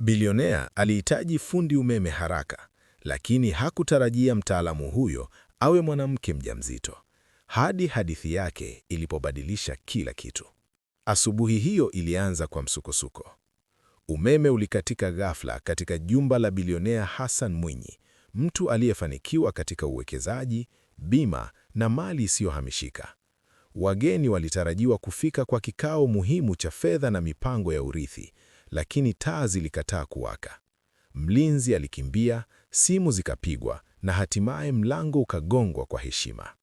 Bilionea alihitaji fundi umeme haraka, lakini hakutarajia mtaalamu huyo awe mwanamke mjamzito, hadi hadithi yake ilipobadilisha kila kitu. Asubuhi hiyo ilianza kwa msukosuko. Umeme ulikatika ghafla katika jumba la bilionea Hassan Mwinyi, mtu aliyefanikiwa katika uwekezaji, bima na mali isiyohamishika. Wageni walitarajiwa kufika kwa kikao muhimu cha fedha na mipango ya urithi, lakini taa zilikataa kuwaka. Mlinzi alikimbia, simu zikapigwa, na hatimaye mlango ukagongwa kwa heshima.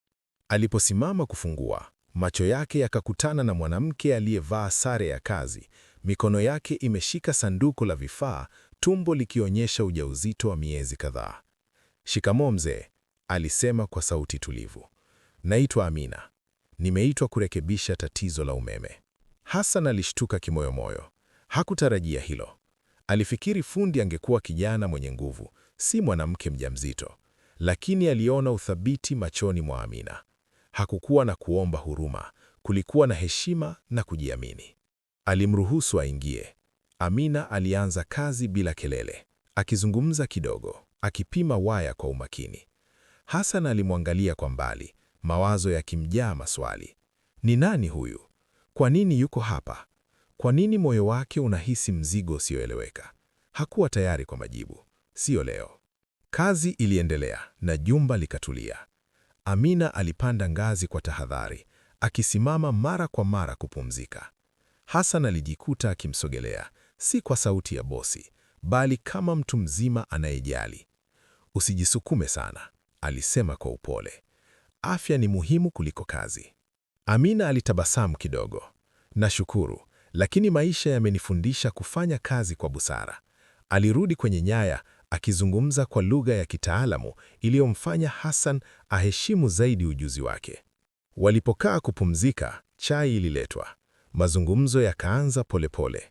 Aliposimama kufungua, macho yake yakakutana na mwanamke aliyevaa sare ya kazi, mikono yake imeshika sanduku la vifaa, tumbo likionyesha ujauzito wa miezi kadhaa. Shikamoo mzee, alisema kwa sauti tulivu. Naitwa Amina, nimeitwa kurekebisha tatizo la umeme. Hassan alishtuka kimoyomoyo. Hakutarajia hilo. Alifikiri fundi angekuwa kijana mwenye nguvu, si mwanamke mjamzito, lakini aliona uthabiti machoni mwa Amina. Hakukuwa na kuomba huruma, kulikuwa na heshima na kujiamini. Alimruhusu aingie. Amina alianza kazi bila kelele, akizungumza kidogo, akipima waya kwa umakini. Hassan alimwangalia kwa mbali, mawazo yakimjaa maswali. Ni nani huyu? Kwa nini yuko hapa? Kwa nini moyo wake unahisi mzigo usioeleweka? Hakuwa tayari kwa majibu, sio leo. Kazi iliendelea na jumba likatulia. Amina alipanda ngazi kwa tahadhari, akisimama mara kwa mara kupumzika. Hassan alijikuta akimsogelea, si kwa sauti ya bosi, bali kama mtu mzima anayejali. Usijisukume sana, alisema kwa upole. Afya ni muhimu kuliko kazi. Amina alitabasamu kidogo. Nashukuru, lakini maisha yamenifundisha kufanya kazi kwa busara. Alirudi kwenye Nyaya akizungumza kwa lugha ya kitaalamu iliyomfanya Hassan aheshimu zaidi ujuzi wake. Walipokaa kupumzika, chai ililetwa. Mazungumzo yakaanza polepole.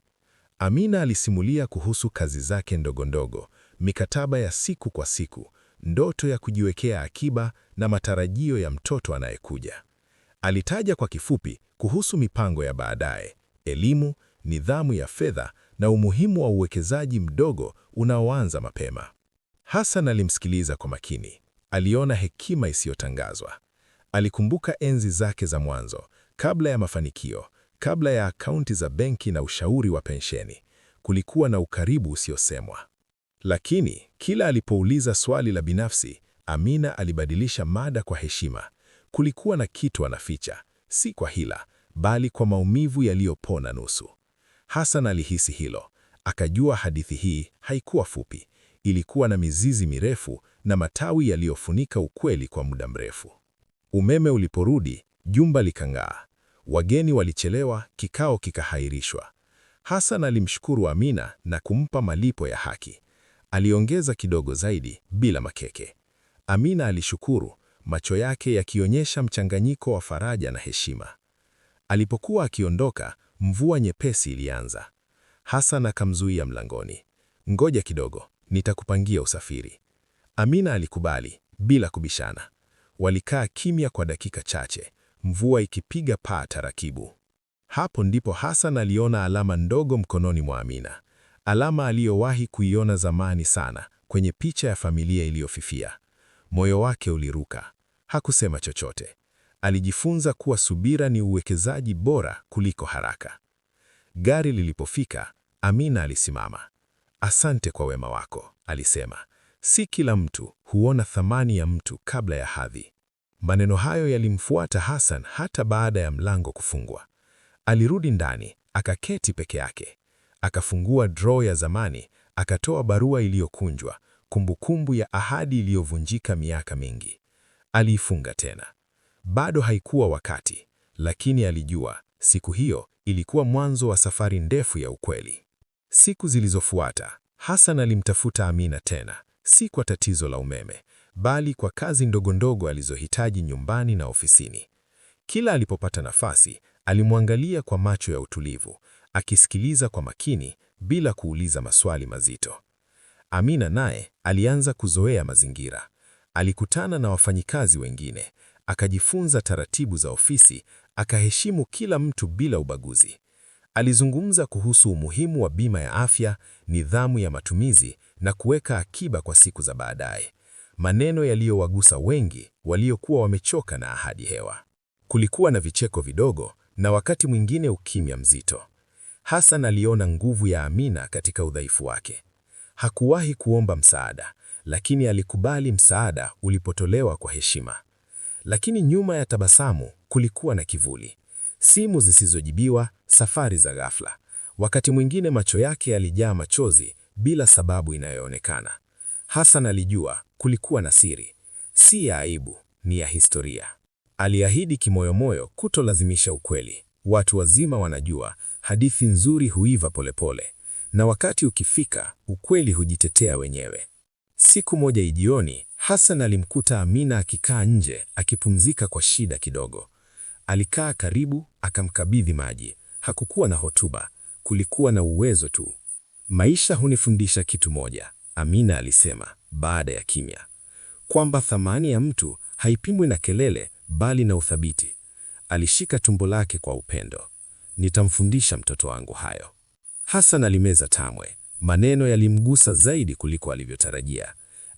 Amina alisimulia kuhusu kazi zake ndogondogo, mikataba ya siku kwa siku, ndoto ya kujiwekea akiba na matarajio ya mtoto anayekuja. Alitaja kwa kifupi kuhusu mipango ya baadaye, elimu, nidhamu ya fedha na umuhimu wa uwekezaji mdogo unaoanza mapema. Hassan alimsikiliza kwa makini. Aliona hekima isiyotangazwa. Alikumbuka enzi zake za mwanzo, kabla ya mafanikio, kabla ya akaunti za benki na ushauri wa pensheni. Kulikuwa na ukaribu usiosemwa. Lakini kila alipouliza swali la binafsi, Amina alibadilisha mada kwa heshima. Kulikuwa na kitu anaficha, si kwa hila, bali kwa maumivu yaliyopona nusu. Hassan alihisi hilo, akajua hadithi hii haikuwa fupi, ilikuwa na mizizi mirefu na matawi yaliyofunika ukweli kwa muda mrefu. Umeme uliporudi, jumba likang'aa. Wageni walichelewa, kikao kikahairishwa. Hassan alimshukuru Amina na kumpa malipo ya haki. Aliongeza kidogo zaidi bila makeke. Amina alishukuru, macho yake yakionyesha mchanganyiko wa faraja na heshima. Alipokuwa akiondoka, mvua nyepesi ilianza. Hassan akamzuia mlangoni. Ngoja kidogo, nitakupangia usafiri. Amina alikubali bila kubishana. Walikaa kimya kwa dakika chache, mvua ikipiga paa taratibu. Hapo ndipo Hassan aliona alama ndogo mkononi mwa Amina, alama aliyowahi kuiona zamani sana kwenye picha ya familia iliyofifia. Moyo wake uliruka. Hakusema chochote, alijifunza kuwa subira ni uwekezaji bora kuliko haraka. Gari lilipofika, Amina alisimama. Asante kwa wema wako, alisema. Si kila mtu huona thamani ya mtu kabla ya hadhi. Maneno hayo yalimfuata Hassan hata baada ya mlango kufungwa. Alirudi ndani, akaketi peke yake. Akafungua draw ya zamani, akatoa barua iliyokunjwa, kumbukumbu ya ahadi iliyovunjika miaka mingi. Aliifunga tena. Bado haikuwa wakati, lakini alijua siku hiyo ilikuwa mwanzo wa safari ndefu ya ukweli. Siku zilizofuata, Hassan alimtafuta Amina tena, si kwa tatizo la umeme, bali kwa kazi ndogondogo alizohitaji nyumbani na ofisini. Kila alipopata nafasi, alimwangalia kwa macho ya utulivu, akisikiliza kwa makini bila kuuliza maswali mazito. Amina naye alianza kuzoea mazingira. Alikutana na wafanyikazi wengine, akajifunza taratibu za ofisi, akaheshimu kila mtu bila ubaguzi. Alizungumza kuhusu umuhimu wa bima ya afya, nidhamu ya matumizi na kuweka akiba kwa siku za baadaye, maneno yaliyowagusa wengi waliokuwa wamechoka na ahadi hewa. Kulikuwa na vicheko vidogo na wakati mwingine ukimya mzito. Hassan aliona nguvu ya Amina katika udhaifu wake. Hakuwahi kuomba msaada, lakini alikubali msaada ulipotolewa kwa heshima. Lakini nyuma ya tabasamu kulikuwa na kivuli: simu zisizojibiwa, safari za ghafla. Wakati mwingine macho yake yalijaa machozi bila sababu inayoonekana. Hassan alijua kulikuwa na siri, si ya aibu, ni ya historia. Aliahidi kimoyomoyo kutolazimisha ukweli. Watu wazima wanajua hadithi nzuri huiva polepole, na wakati ukifika, ukweli hujitetea wenyewe. Siku moja ijioni, Hassan alimkuta Amina akikaa nje akipumzika kwa shida kidogo. Alikaa karibu, akamkabidhi maji. Hakukuwa na hotuba, kulikuwa na uwezo tu. Maisha hunifundisha kitu moja, Amina alisema baada ya kimya, kwamba thamani ya mtu haipimwi na kelele, bali na uthabiti. Alishika tumbo lake kwa upendo. Nitamfundisha mtoto wangu hayo. Hassan alimeza tamwe, Maneno yalimgusa zaidi kuliko alivyotarajia.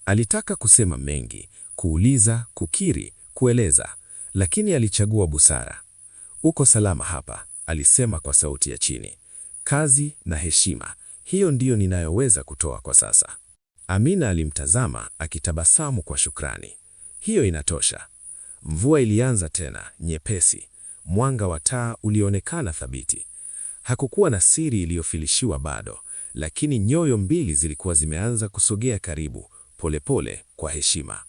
Alitaka kusema mengi, kuuliza, kukiri, kueleza, lakini alichagua busara. Uko salama hapa, alisema kwa sauti ya chini. Kazi na heshima, hiyo ndiyo ninayoweza kutoa kwa sasa. Amina alimtazama akitabasamu kwa shukrani. Hiyo inatosha. Mvua ilianza tena, nyepesi. Mwanga wa taa ulionekana thabiti. Hakukuwa na siri iliyofilishiwa bado lakini nyoyo mbili zilikuwa zimeanza kusogea karibu polepole pole, kwa heshima.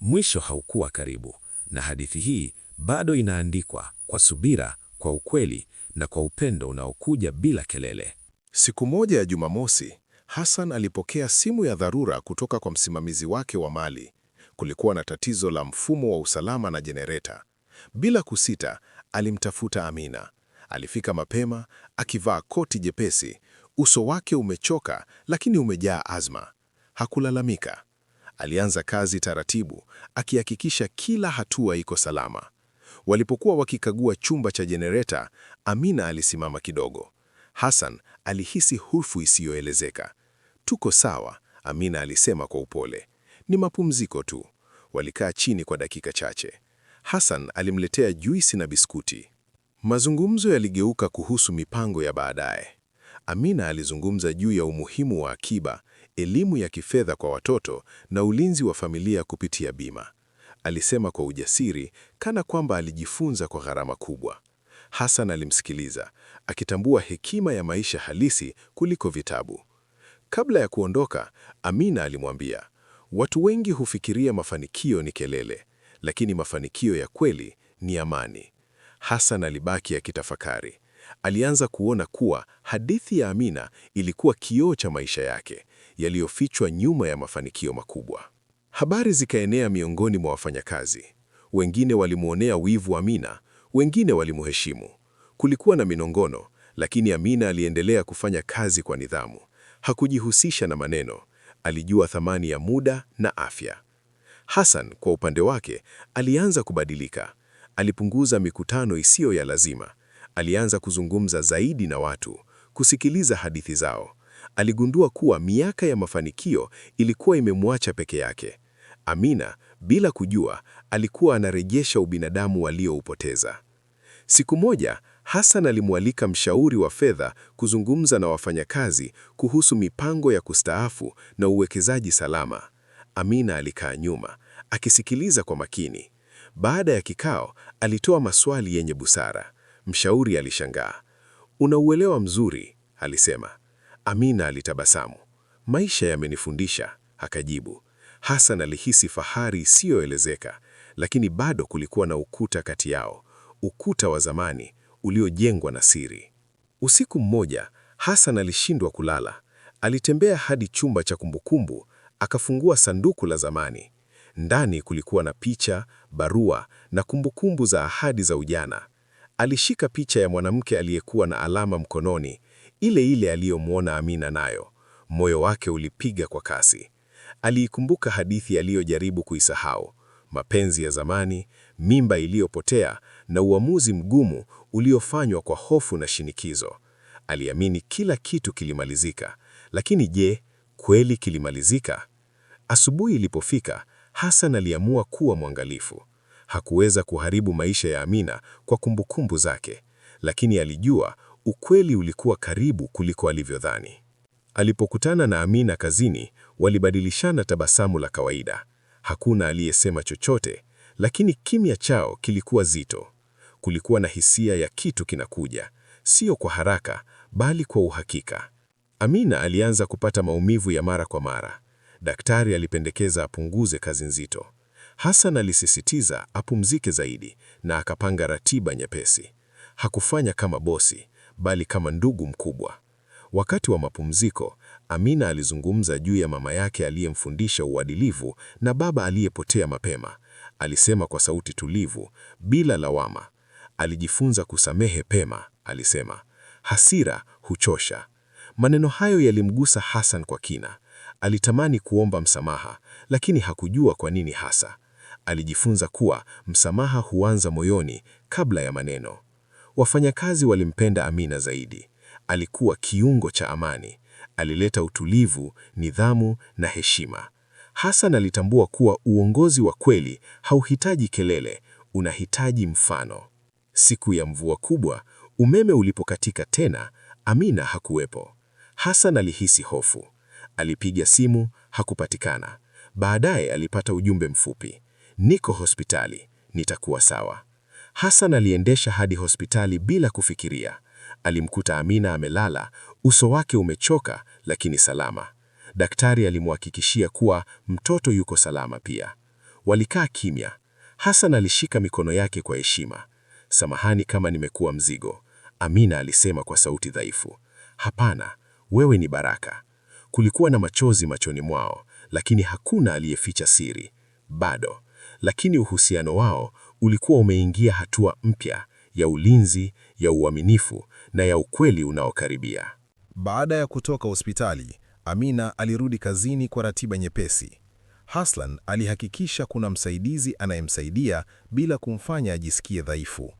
Mwisho haukuwa karibu, na hadithi hii bado inaandikwa kwa subira, kwa ukweli na kwa upendo unaokuja bila kelele. Siku moja ya Jumamosi, Hassan alipokea simu ya dharura kutoka kwa msimamizi wake wa mali. Kulikuwa na tatizo la mfumo wa usalama na jenereta. Bila kusita, alimtafuta Amina. Alifika mapema akivaa koti jepesi, Uso wake umechoka, lakini umejaa azma. Hakulalamika. Alianza kazi taratibu, akihakikisha kila hatua iko salama. Walipokuwa wakikagua chumba cha jenereta, Amina alisimama kidogo. Hassan alihisi hofu isiyoelezeka. Tuko sawa, Amina alisema kwa upole. Ni mapumziko tu. Walikaa chini kwa dakika chache. Hassan alimletea juisi na biskuti. Mazungumzo yaligeuka kuhusu mipango ya baadaye. Amina alizungumza juu ya umuhimu wa akiba, elimu ya kifedha kwa watoto na ulinzi wa familia kupitia bima. Alisema kwa ujasiri kana kwamba alijifunza kwa gharama kubwa. Hassan alimsikiliza, akitambua hekima ya maisha halisi kuliko vitabu. Kabla ya kuondoka, Amina alimwambia, watu wengi hufikiria mafanikio ni kelele, lakini mafanikio ya kweli ni amani. Hassan alibaki akitafakari alianza kuona kuwa hadithi ya Amina ilikuwa kioo cha maisha yake yaliyofichwa nyuma ya mafanikio makubwa. Habari zikaenea miongoni mwa wafanyakazi. Wengine walimwonea wivu Amina, wengine walimheshimu. Kulikuwa na minongono, lakini Amina aliendelea kufanya kazi kwa nidhamu. Hakujihusisha na maneno, alijua thamani ya muda na afya. Hassan kwa upande wake alianza kubadilika. Alipunguza mikutano isiyo ya lazima, alianza kuzungumza zaidi na watu, kusikiliza hadithi zao. Aligundua kuwa miaka ya mafanikio ilikuwa imemwacha peke yake. Amina, bila kujua, alikuwa anarejesha ubinadamu walioupoteza. Siku moja, Hassan alimwalika mshauri wa fedha kuzungumza na wafanyakazi kuhusu mipango ya kustaafu na uwekezaji salama. Amina alikaa nyuma, akisikiliza kwa makini. Baada ya kikao, alitoa maswali yenye busara. Mshauri alishangaa. Unauelewa mzuri, alisema. Amina alitabasamu. Maisha yamenifundisha, akajibu. Hassan alihisi fahari isiyoelezeka, lakini bado kulikuwa na ukuta kati yao, ukuta wa zamani uliojengwa na siri. Usiku mmoja, Hassan alishindwa kulala. Alitembea hadi chumba cha kumbukumbu, akafungua sanduku la zamani. Ndani kulikuwa na picha, barua na kumbukumbu za ahadi za ujana. Alishika picha ya mwanamke aliyekuwa na alama mkononi, ile ile aliyomwona Amina nayo. Moyo wake ulipiga kwa kasi. Aliikumbuka hadithi aliyojaribu kuisahau, mapenzi ya zamani, mimba iliyopotea na uamuzi mgumu uliofanywa kwa hofu na shinikizo. Aliamini kila kitu kilimalizika, lakini je, kweli kilimalizika? Asubuhi ilipofika, Hassan aliamua kuwa mwangalifu hakuweza kuharibu maisha ya Amina kwa kumbukumbu zake, lakini alijua ukweli ulikuwa karibu kuliko alivyodhani. Alipokutana na Amina kazini, walibadilishana tabasamu la kawaida. Hakuna aliyesema chochote, lakini kimya chao kilikuwa zito. Kulikuwa na hisia ya kitu kinakuja, sio kwa haraka, bali kwa uhakika. Amina alianza kupata maumivu ya mara kwa mara. Daktari alipendekeza apunguze kazi nzito, Hassan alisisitiza apumzike zaidi na akapanga ratiba nyepesi. Hakufanya kama bosi, bali kama ndugu mkubwa. Wakati wa mapumziko, Amina alizungumza juu ya mama yake aliyemfundisha uadilifu na baba aliyepotea mapema. Alisema kwa sauti tulivu, bila lawama. Alijifunza kusamehe pema, alisema. Hasira huchosha. Maneno hayo yalimgusa Hassan kwa kina. Alitamani kuomba msamaha, lakini hakujua kwa nini hasa alijifunza kuwa msamaha huanza moyoni kabla ya maneno. Wafanyakazi walimpenda Amina zaidi. Alikuwa kiungo cha amani, alileta utulivu, nidhamu na heshima. Hassan alitambua kuwa uongozi wa kweli hauhitaji kelele, unahitaji mfano. Siku ya mvua kubwa, umeme ulipokatika tena, Amina hakuwepo. Hassan alihisi hofu. Alipiga simu, hakupatikana. Baadaye alipata ujumbe mfupi niko hospitali, nitakuwa sawa. Hassan aliendesha hadi hospitali bila kufikiria. Alimkuta Amina amelala, uso wake umechoka lakini salama. Daktari alimhakikishia kuwa mtoto yuko salama pia. Walikaa kimya. Hassan alishika mikono yake kwa heshima. Samahani kama nimekuwa mzigo, Amina alisema kwa sauti dhaifu. Hapana, wewe ni baraka. Kulikuwa na machozi machoni mwao, lakini hakuna aliyeficha siri bado lakini uhusiano wao ulikuwa umeingia hatua mpya ya ulinzi, ya uaminifu na ya ukweli unaokaribia. Baada ya kutoka hospitali, Amina alirudi kazini kwa ratiba nyepesi. Haslan alihakikisha kuna msaidizi anayemsaidia bila kumfanya ajisikie dhaifu.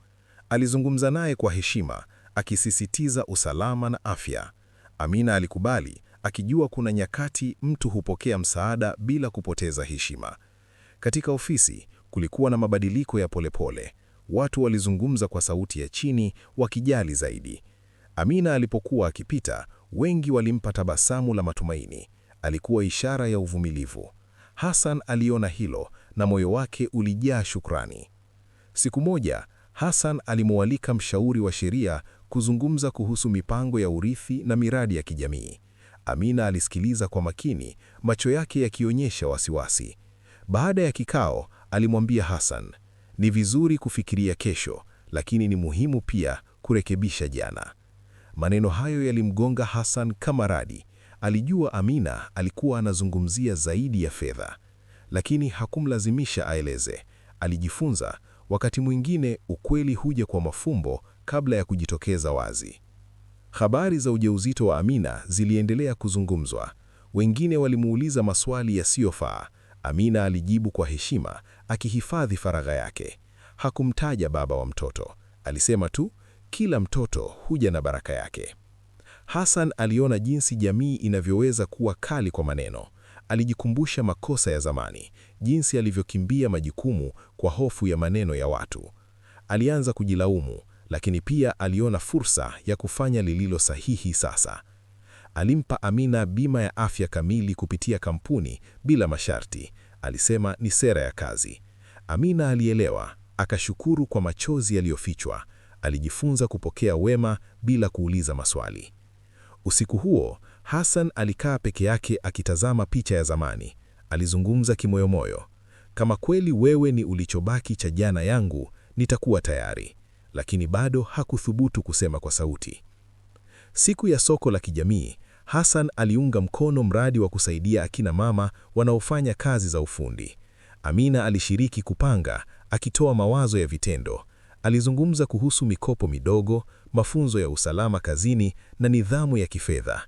Alizungumza naye kwa heshima, akisisitiza usalama na afya. Amina alikubali, akijua kuna nyakati mtu hupokea msaada bila kupoteza heshima. Katika ofisi kulikuwa na mabadiliko ya polepole. Watu walizungumza kwa sauti ya chini, wakijali zaidi. Amina alipokuwa akipita, wengi walimpa tabasamu la matumaini. Alikuwa ishara ya uvumilivu. Hassan aliona hilo na moyo wake ulijaa shukrani. Siku moja, Hassan alimwalika mshauri wa sheria kuzungumza kuhusu mipango ya urithi na miradi ya kijamii. Amina alisikiliza kwa makini, macho yake yakionyesha wasiwasi. Baada ya kikao, alimwambia Hassan, ni vizuri kufikiria kesho, lakini ni muhimu pia kurekebisha jana. Maneno hayo yalimgonga Hassan kama radi. Alijua Amina alikuwa anazungumzia zaidi ya fedha, lakini hakumlazimisha aeleze. Alijifunza wakati mwingine ukweli huja kwa mafumbo kabla ya kujitokeza wazi. Habari za ujauzito wa Amina ziliendelea kuzungumzwa. Wengine walimuuliza maswali yasiyofaa, Amina alijibu kwa heshima, akihifadhi faragha yake. Hakumtaja baba wa mtoto, alisema tu, kila mtoto huja na baraka yake. Hassan aliona jinsi jamii inavyoweza kuwa kali kwa maneno. Alijikumbusha makosa ya zamani, jinsi alivyokimbia majukumu kwa hofu ya maneno ya watu. Alianza kujilaumu, lakini pia aliona fursa ya kufanya lililo sahihi sasa alimpa Amina bima ya afya kamili kupitia kampuni bila masharti. Alisema ni sera ya kazi. Amina alielewa, akashukuru kwa machozi yaliyofichwa. Alijifunza kupokea wema bila kuuliza maswali. Usiku huo Hassan alikaa peke yake akitazama picha ya zamani. Alizungumza kimoyomoyo, kama kweli wewe ni ulichobaki cha jana yangu, nitakuwa tayari. Lakini bado hakuthubutu kusema kwa sauti. Siku ya soko la kijamii, Hassan aliunga mkono mradi wa kusaidia akina mama wanaofanya kazi za ufundi. Amina alishiriki kupanga, akitoa mawazo ya vitendo. Alizungumza kuhusu mikopo midogo, mafunzo ya usalama kazini na nidhamu ya kifedha.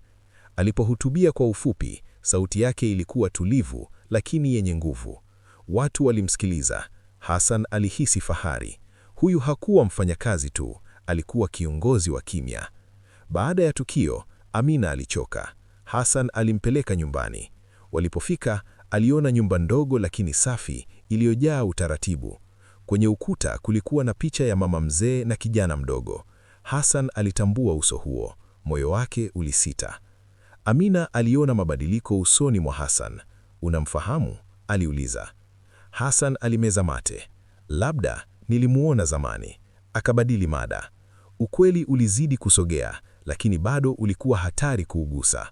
Alipohutubia kwa ufupi, sauti yake ilikuwa tulivu lakini yenye nguvu. Watu walimsikiliza. Hassan alihisi fahari. Huyu hakuwa mfanyakazi tu, alikuwa kiongozi wa kimya. Baada ya tukio, Amina alichoka. Hassan alimpeleka nyumbani. Walipofika, aliona nyumba ndogo lakini safi iliyojaa utaratibu. Kwenye ukuta kulikuwa na picha ya mama mzee na kijana mdogo. Hassan alitambua uso huo, moyo wake ulisita. Amina aliona mabadiliko usoni mwa Hassan. Unamfahamu? aliuliza. Hassan alimeza mate. Labda nilimuona zamani. Akabadili mada. Ukweli ulizidi kusogea lakini bado ulikuwa hatari kuugusa.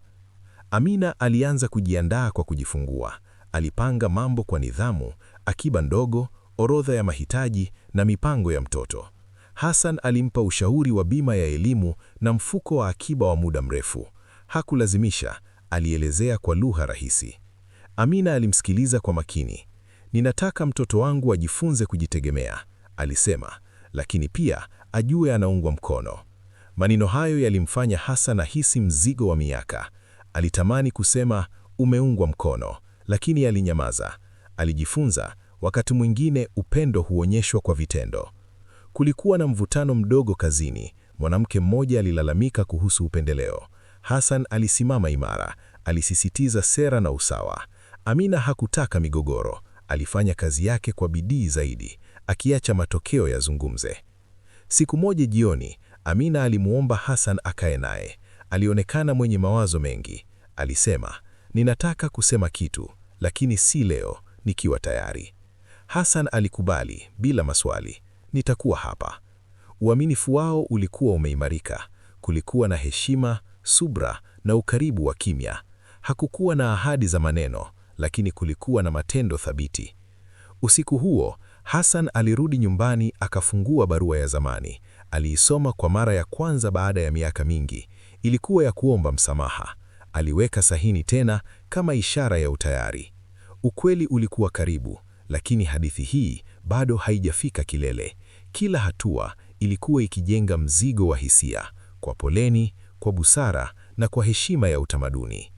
Amina alianza kujiandaa kwa kujifungua. Alipanga mambo kwa nidhamu, akiba ndogo, orodha ya mahitaji na mipango ya mtoto. Hassan alimpa ushauri wa bima ya elimu na mfuko wa akiba wa muda mrefu. Hakulazimisha, alielezea kwa lugha rahisi. Amina alimsikiliza kwa makini. Ninataka mtoto wangu ajifunze kujitegemea, alisema, lakini pia ajue anaungwa mkono. Maneno hayo yalimfanya Hassan ahisi mzigo wa miaka. Alitamani kusema umeungwa mkono, lakini alinyamaza. Alijifunza wakati mwingine upendo huonyeshwa kwa vitendo. Kulikuwa na mvutano mdogo kazini. Mwanamke mmoja alilalamika kuhusu upendeleo. Hassan alisimama imara, alisisitiza sera na usawa. Amina hakutaka migogoro, alifanya kazi yake kwa bidii zaidi, akiacha matokeo yazungumze. Siku moja jioni, Amina alimwomba Hassan akae naye. Alionekana mwenye mawazo mengi. Alisema, ninataka kusema kitu, lakini si leo, nikiwa tayari. Hassan alikubali bila maswali, nitakuwa hapa. Uaminifu wao ulikuwa umeimarika. Kulikuwa na heshima, subra na ukaribu wa kimya. Hakukuwa na ahadi za maneno, lakini kulikuwa na matendo thabiti. Usiku huo Hassan alirudi nyumbani, akafungua barua ya zamani. Aliisoma kwa mara ya kwanza baada ya miaka mingi. Ilikuwa ya kuomba msamaha. Aliweka sahini tena kama ishara ya utayari. Ukweli ulikuwa karibu, lakini hadithi hii bado haijafika kilele. Kila hatua ilikuwa ikijenga mzigo wa hisia, kwa poleni, kwa busara na kwa heshima ya utamaduni.